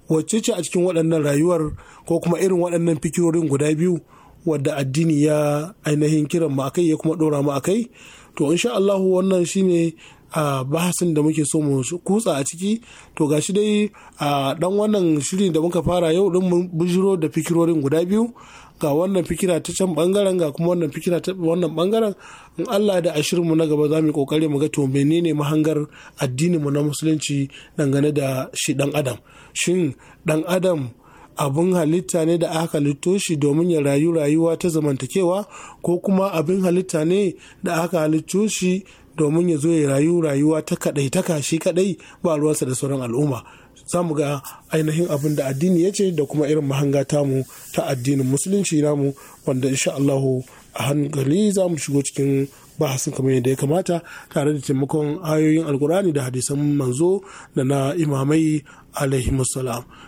wacce ce a cikin waɗannan rayuwar ko kuma irin waɗannan fikirorin guda biyu wadda addini ya ainihin kiran mu akai ya kuma ɗora mu akai to insha Allah wannan shine a bahasin da muke so mu kutsa a ciki to gashi dai a dan wannan shiri da muka fara yau din mun bujiro da fikirorin guda biyu ga wannan fikira ta can bangaren ga kuma wannan fikira ta wannan bangaren in Allah da ashirinmu na gaba za mu yi kokari mu ga to menene mahangar addinin mu na musulunci dangane da shi dan adam shin dan adam abin halitta ne da aka halitto shi domin ya rayu rayuwa ta zamantakewa ko kuma abin halitta ne da aka halitto shi domin ya zo ya rayu rayuwa ta kadai ta kashi kadai ba ruwansa da sauran al'umma za mu ga ainihin abin da addini ya ce da kuma irin mahanga mu ta addinin musulunci namu wanda insha Allah a hankali za mu shigo cikin bahasin kamar yadda ya kamata tare da taimakon ayoyin alkurani da hadisan manzo da na imamai alaihi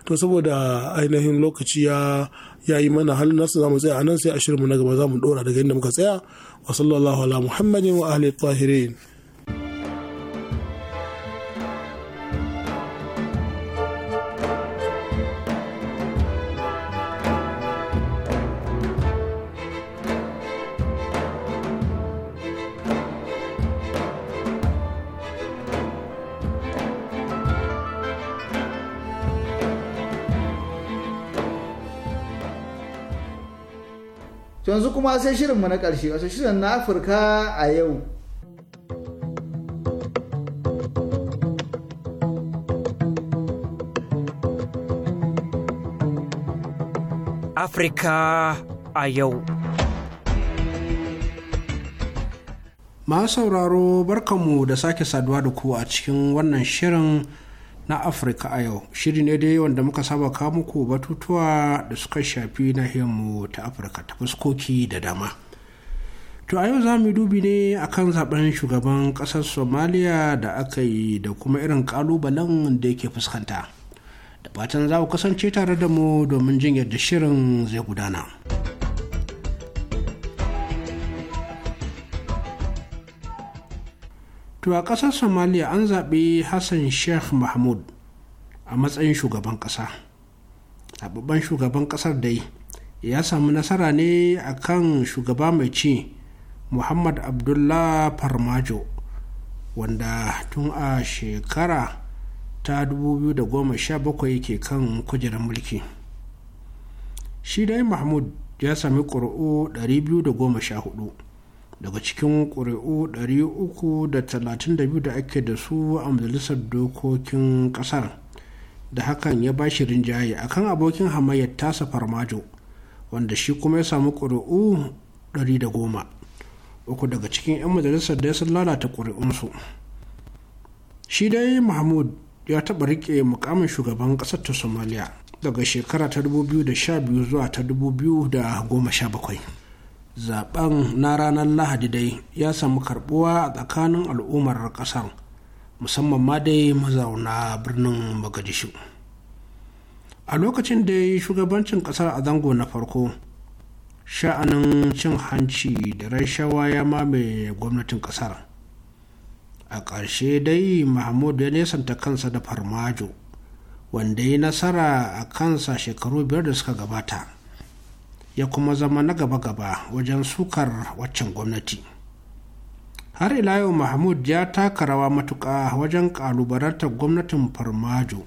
to saboda ainihin lokaci ya ya yi mana halin nasu za mu tsaya a nan sai a shirinmu na gaba za dora daga inda muka tsaya wa sallallahu ala muhammadin wa ahli tahirin yanzu kuma sai shirinmu na ƙarshe wasu shirin na afirka a yau Afirka a yau. Ma sauraro barkanmu da sake saduwa da ku a cikin wannan shirin na afirka a yau shiri ne dai wanda muka saba kawo muku batutuwa da suka shafi nahiyarmu ta afirka ta fuskoki da dama to a yau za mu dubi ne akan zaben shugaban kasar somaliya da aka yi da kuma irin kalubalen da yake fuskanta da fatan za ku kasance tare da mu domin jin yadda shirin zai gudana. to a ƙasar somalia an zaɓi hassan sheikh mahmud a matsayin shugaban ƙasa babban shugaban ƙasar dai ya samu nasara ne a kan shugaba mai ci muhammad abdullah farmajo wanda tun a shekara ta 2017 yake kan kujerar mulki shi dai mahmud ya sami ƙuri'u 214 daga cikin ƙuri'u 332 da ake da su a majalisar dokokin ƙasar da hakan ya ba shi rinjaye a kan abokin hamayyar tasa farmajo wanda shi kuma ya samu ƙuri'u 110 uku daga cikin 'yan majalisar da ya sun lalata ƙuri'unsu shi dai mahmud ya taɓa riƙe mukamin shugaban ƙasar ta somaliya daga shekara ta 2012 zuwa ta 2017 zaben na ranar lahadi dai ya samu karbuwa a tsakanin al'ummar kasar musamman ma dai mazauna birnin magadishu a lokacin da shugabancin kasar a zango na farko sha'anin cin hanci da rashawa ya mamaye gwamnatin kasar a ƙarshe dai mahmud ya nesanta kansa da farmajo wanda ya nasara a kansa shekaru biyar da suka gabata ya kuma zama na gaba-gaba wajen sukar waccan gwamnati har ila yau mahmud ya taka rawa matuƙa wajen ƙalubalantar gwamnatin farmajo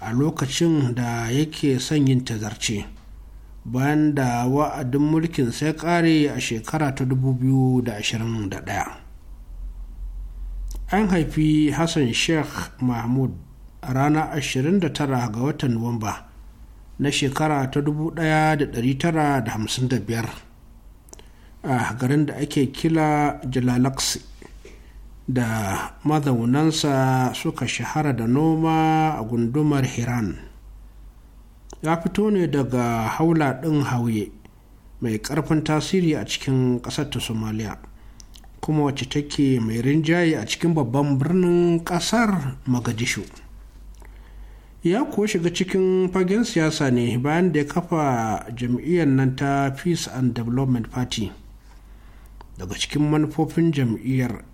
a lokacin da yake son yin tazarce bayan da wa'adin mulkin sai ƙare a shekara ta 2021 an haifi hassan sheikh mahmud a ranar 29 ga watan nuwamba na shekara ta 1955 a garin da ake kila jalalaksi da mazaunansa suka shahara da noma a gundumar hiran ya fito ne daga haula ɗin hauye mai ƙarfin tasiri a cikin ƙasar ta somaliya kuma wacce take mai rinjaye a cikin babban birnin ƙasar magadishu ya kuwa shiga cikin fagen siyasa ne bayan da ya kafa jam'iyyar nan ta peace and development party daga cikin manufofin jam'iyyar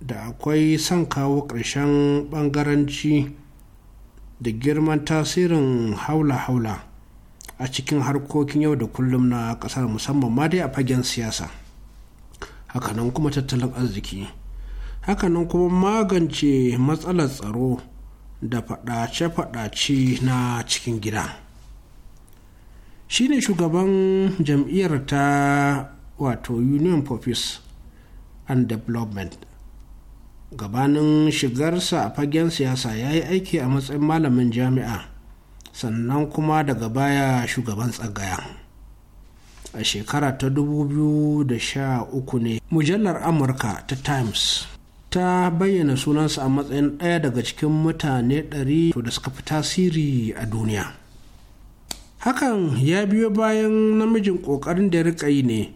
da akwai son kawo ƙarshen ɓangaranci da girman tasirin haula-haula a cikin harkokin yau da kullum na ƙasar musamman ma dai a fagen siyasa hakanan kuma tattalin arziki hakanan kuma magance matsalar tsaro da faɗace-faɗace na cikin gida shine shugaban jam'iyyar ta wato union for peace and development gabanin shigarsa a fagen siyasa ya yi aiki a matsayin malamin jami'a sannan kuma daga baya shugaban tsagaya a shekara ta 2013 ne mujallar amurka ta times ta bayyana sunansa a matsayin ɗaya daga cikin mutane ɗari da suka fi tasiri a duniya hakan ya biyo bayan namijin ƙoƙarin da ya riƙa yi ne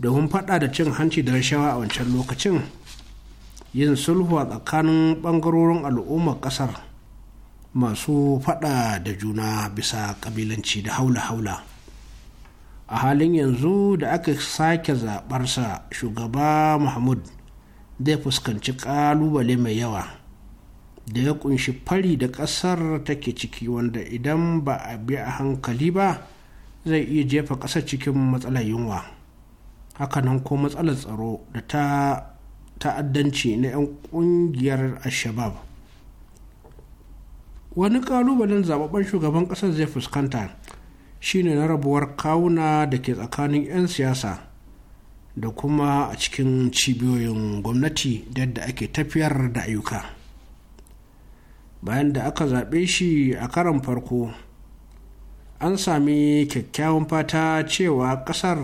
domin faɗa da cin hanci da rashawa a wancan lokacin yin sulhu a tsakanin ɓangarorin al'ummar ƙasar masu faɗa da juna bisa ƙabilanci da haula-haula a halin yanzu da aka sake zaɓarsa shugaba mahmud zai fuskanci ƙalubale mai yawa da ya kunshi fari da ƙasar take ciki wanda idan ba a bi a hankali ba zai iya jefa ƙasar cikin matsalar yunwa hakanan ko matsalar tsaro da ta ta'addanci na 'yan ƙungiyar alshabab wani ƙalubalen zababben shugaban ƙasar zai fuskanta shine na rabuwar kawuna da ke tsakanin 'yan siyasa da kuma a cikin cibiyoyin gwamnati da yadda ake tafiyar da ayyuka bayan da aka zaɓe shi a karon farko an sami kyakkyawan fata cewa ƙasar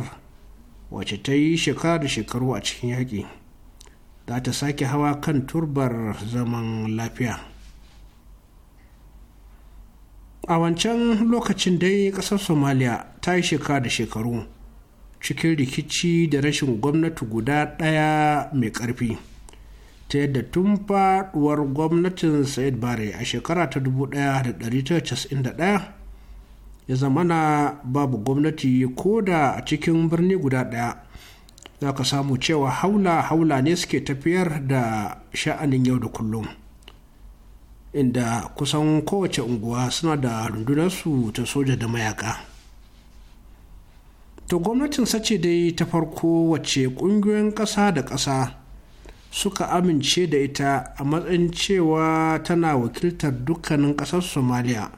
wacce ta yi shekara da shekaru a cikin yaƙi za ta sake hawa kan turbar zaman lafiya a wancan lokacin dai ƙasar somaliya ta yi shekara da shekaru cikin rikici da rashin gwamnati guda ɗaya mai ƙarfi ta yadda tun faɗuwar gwamnatin said bare a shekara ta 1991 ya zamana babu gwamnati ko da a cikin birni guda ɗaya za ka samu cewa haula-haula ne suke tafiyar da sha'anin yau da kullum inda kusan kowace unguwa suna da rundunarsu ta soja da mayaka. to gwamnatin sace dai ta farko wacce ƙungiyoyin ƙasa da ƙasa suka amince da ita a matsayin cewa tana wakiltar dukkanin ƙasar somalia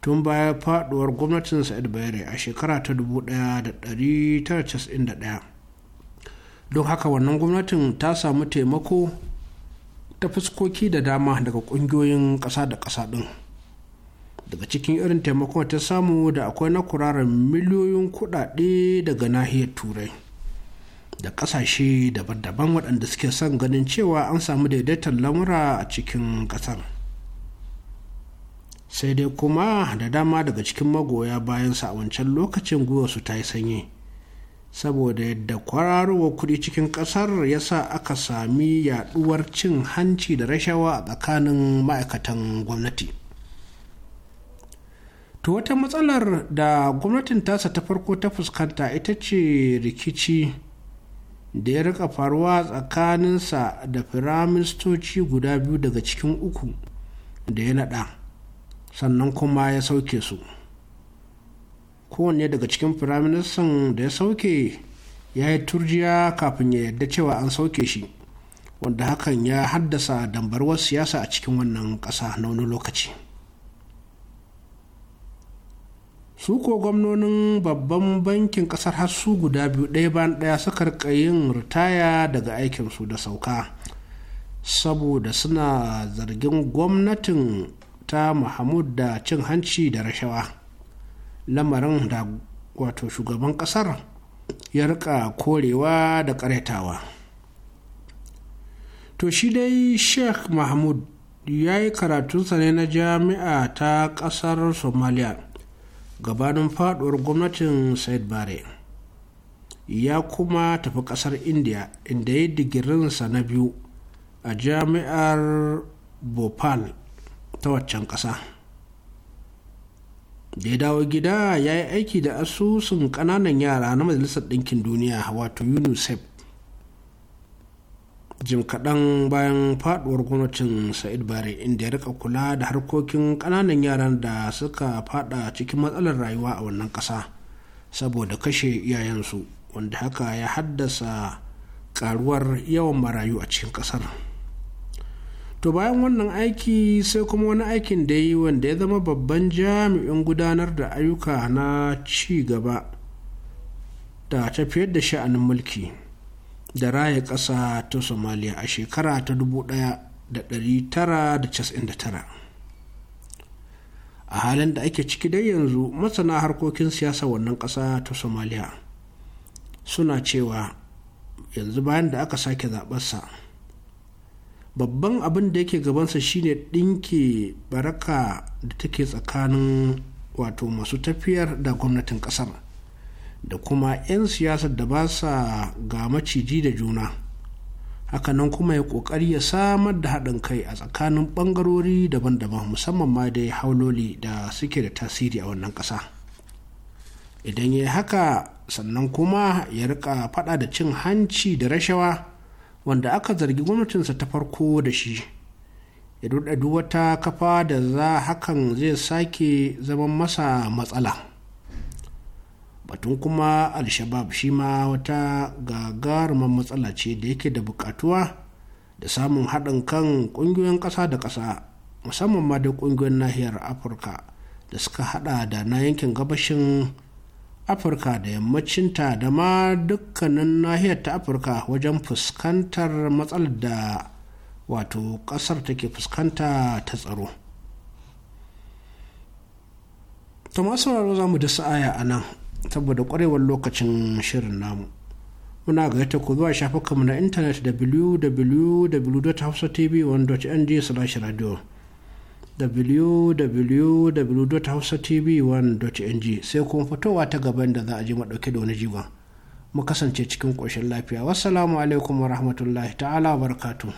tun baya faɗuwar gwamnatin sa'id bayere a shekara ta 1991 don haka wannan gwamnatin ta samu taimako ta fuskoki da dama daga ƙungiyoyin ƙasa da ƙasa ɗin. daga cikin irin taimakon ta samu da akwai na kuraren miliyoyin kuɗaɗe daga nahiyar turai da ƙasashe daban-daban waɗanda suke son ganin cewa an samu daidaiton lamura a cikin ƙasar sai dai kuma da dama daga cikin magoya bayan a wancan lokacin su ta yi sanyi saboda yadda kwararowar kuɗi cikin ƙasar ya sa aka sami yaɗuwar cin hanci da rashawa a tsakanin ma'aikatan gwamnati to wata matsalar da gwamnatin tasa ta farko ta fuskanta ita ce rikici da ya rika faruwa tsakaninsa da firaministoci guda biyu daga cikin uku da ya naɗa sannan kuma ya sauke su kowanne daga cikin firaministan da ya sauke ya yi turjiya kafin ya yarda cewa an sauke shi wanda hakan ya haddasa dambarwar siyasa a cikin wannan ƙasa na wani lokaci. su ko gwamnonin babban bankin kasar har su guda biyu ɗaya bayan ɗaya suka rika yin ritaya daga aikinsu da sauka saboda suna zargin gwamnatin ta mahmud da cin hanci da rashawa lamarin da wato shugaban kasar ya rika korewa da karetawa to shi dai sheikh mahmud ya yi karatunsa ne na jami'a ta kasar somalia gabanin faduwar gwamnatin said bare ya kuma tafi kasar india inda ya digirinsa na biyu a jami'ar bhopal ta waccan kasa da ya dawo gida ya yi aiki da asusun kananan yara na majalisar ɗinkin duniya wato unicef jim kaɗan bayan faɗuwar gwamnatin sa'id bare inda ya rika kula da harkokin ƙananan yaran da suka faɗa cikin matsalar rayuwa a wannan ƙasa saboda kashe iyayensu wanda haka ya haddasa ƙaruwar yawan marayu a cikin ƙasar to bayan wannan aiki sai kuma wani aikin da yi wanda ya zama babban jami'in gudanar da ayyuka na ci gaba da tafiyar da sha'anin mulki da raya ƙasa ta somaliya a shekara ta 1999 a halin da ake ciki dai yanzu masana harkokin siyasa wannan ƙasa ta somaliya suna cewa yanzu bayan da aka sake zaɓarsa babban abin da yake gabansa shine ɗinke baraka da take tsakanin wato masu tafiyar da gwamnatin ƙasar da kuma 'yan siyasar da ba sa ga maciji da juna hakanan kuma ya kokari ya samar da haɗin kai a tsakanin ɓangarori daban-daban musamman ma dai hauloli da suke da tasiri a wannan ƙasa idan ya haka sannan kuma ya rika faɗa da cin hanci da rashawa wanda aka zargi gwamnatinsa ta farko da shi ya duk wata kafa da za hakan zai sake zaman masa matsala. batun kuma alshabab shabab shi ma wata gagarumar matsala ce da yake da bukatuwa da samun haɗin kan ƙungiyoyin ƙasa da ƙasa musamman ma da ƙungiyoyin nahiyar afirka da suka haɗa da na yankin gabashin afirka da yammacinta da ma dukkanin nahiyar ta afirka wajen fuskantar matsalar da wato ƙasar take fuskanta ta tsaro. ta masu za mu da sa'aya a nan saboda kwarewar lokacin shirin namu muna yata ku zuwa shafukanmu na intanet www.hausatv1.ng/radio www.hausatv1.ng sai kuma fitowa ta gaban da za a ji maɗauke da wani jiwa mu kasance cikin ƙoshin lafiya wassalamu alaikum wa rahmatullahi ta'ala wa barkatu.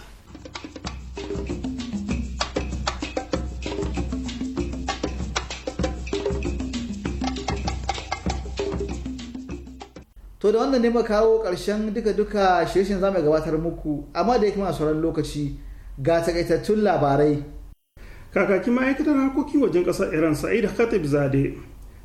to da wannan ne ma kawo ƙarshen duka-duka shirin za mu gabatar muku amma da ya mana sauran lokaci ga takaitattun labarai kakakin ma'aikatar harkokin wajen ƙasar iran sa'id khatib zade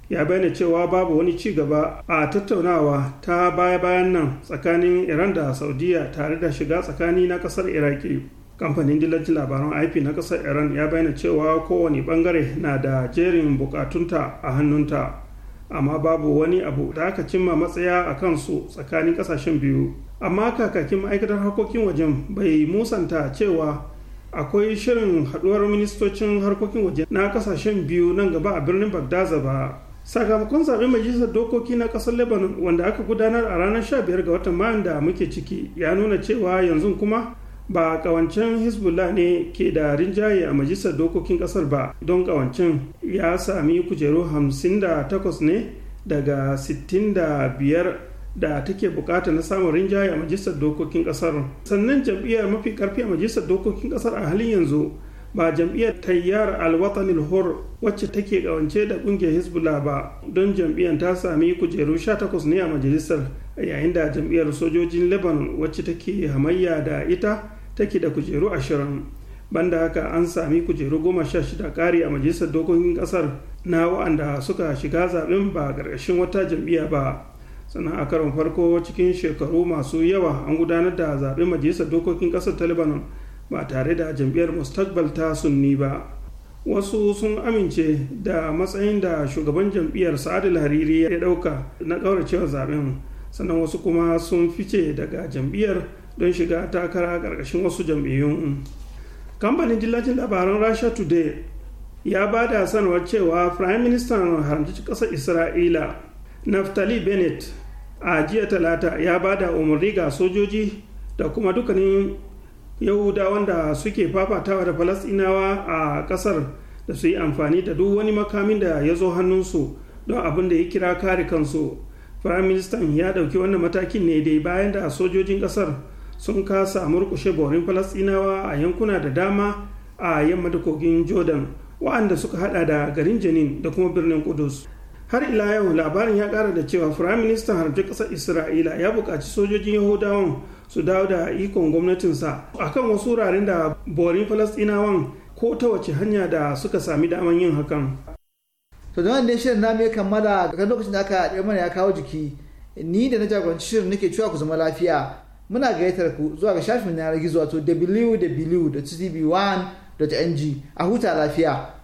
ya bayyana cewa babu wani ci gaba a tattaunawa ta baya-bayan nan tsakanin iran da saudiya tare da shiga tsakani na ƙasar iraki kamfanin dillancin labaran ip na kasar iran ya bayyana cewa kowane bangare na da jerin bukatunta a hannunta amma babu wani abu da aka cimma matsaya a kansu tsakanin kasashen biyu amma kakakin ma'aikatar harkokin wajen bai musanta cewa akwai shirin haduwar ministocin harkokin waje na kasashen biyu nan gaba a birnin bagdaza ba sakamakon zaɓen majalisar dokoki na ƙasar lebanon wanda aka gudanar a ranar 15 ga watan mayan da muke ciki ya nuna cewa yanzu kuma ba ƙawancen hezbollah ne ke da rinjaye a majalisar dokokin kasar ba don kawancin ya sami kujeru 58 ne daga 65 da take bukata na samun rinjaye a majalisar dokokin kasar sannan jam'iyyar mafi karfi a majalisar dokokin kasar a halin yanzu ba jam'iyyar tayyar alwatanil hor wacce take kawance da kungiyar hezbollah ba don jam'iyyar ta sami kujeru 18 ne a majalisar yayin da jam'iyyar sojojin lebanon wacce take hamayya da ita take da kujeru ashirin banda haka an sami kujeru goma sha shida ƙari a majalisar dokokin ƙasar na wa'anda suka shiga zaɓen ba ƙarƙashin wata jam'iyya ba sannan a karon farko cikin shekaru masu yawa an gudanar da zaɓen majalisar dokokin ƙasar ta lebanon ba tare da jam'iyyar mustakbal ta sunni ba wasu sun amince da matsayin da shugaban jam'iyyar sa'adul hariri ya ɗauka na ƙauracewa zaɓen sannan wasu kuma sun fice daga jam'iyyar don shiga takara karkashin wasu jam'iyyun kamfanin dillacin labaran rasha today ya ba da sanarwar cewa prime minister haramci ƙasar isra'ila naftali bennett a jiya talata ya ba da umarni ga sojoji da kuma dukkanin yahudawan da suke fafatawa da falasinawa a ƙasar da su yi amfani da duk wani makamin da ya zo hannunsu don abin da ya kira kare kansu prime minister ya dauki wannan matakin ne dai bayan da sojojin kasar. sun kasa murkushe borin falasɗinawa a yankuna da dama a yamma da kogin jordan wa'anda suka hada da garin janin da kuma birnin kudus har ila yau labarin ya kara da cewa firaministan harbe ƙasar isra'ila ya buƙaci sojojin yahudawan su dawo da ikon gwamnatinsa akan wasu wuraren da borin falasinawan ko ta wace hanya da suka sami daman yin hakan to da shirin namu ya kammala ga lokacin da aka mana ya kawo jiki ni da na jagoranci shirin nake cewa ku zama lafiya muna gayyatar ku zuwa ga shafin yanar gizo wato www.tv1.ng a huta lafiya